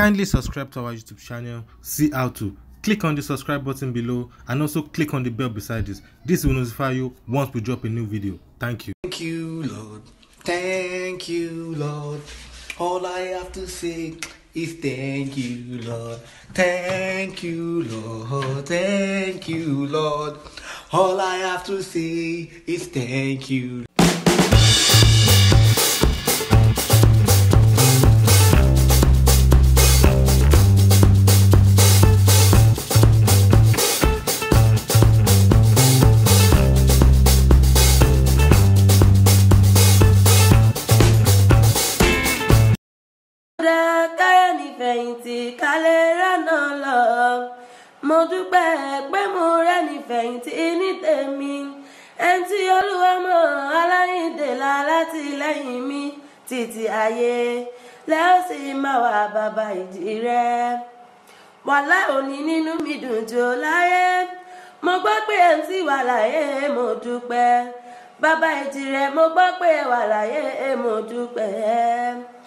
Kindly subscribe to our YouTube channel, see how to. Click on the subscribe button below and also click on the bell beside this. This will notify you once we drop a new video. Thank you. Thank you, Lord. Thank you, Lord. All I have to say is thank you, Lord. Thank you, Lord. Thank you, Lord. All I have to say is thank you. fẹ̀yìntì kálẹ̀ ránà lọ mo dúpẹ́ pé mo rẹ́ni fẹ̀yìntì ní tèmi ẹni tí olúwa mọ̀ aláyíǹde láti lẹ́yìn mi títí ayé lẹ́yìn sì máa wà bàbá ìdí rẹ̀ wàhálà òní nínú mi dùn jò láyé mo gbọ́ pé ẹ̀ ń tí wà láyé mo dúpẹ́ bàbá ìdí rẹ̀ mo gbọ́ pé wà láyé mo dúpẹ́.